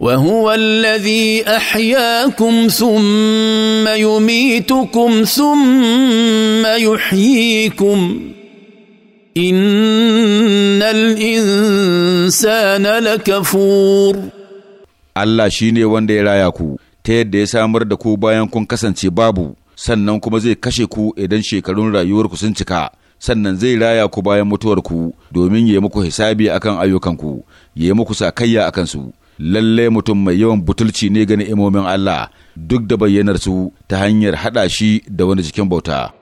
وهو الذي احياكم ثم يميتكم ثم يحييكم ان الانسان لكفور Allah shi ne wanda ya raya ku ta yadda ya samar da ku bayan kun kasance babu sannan kuma zai kashe ku idan shekarun rayuwarku sun cika sannan zai raya ku bayan mutuwarku domin ya muku hisabi akan ayyukanku ya muku sakayya akan su lalle mutum mai yawan butulci ne ga ni'imomin Allah duk da bayyanar su ta hanyar haɗa shi da wani cikin bauta.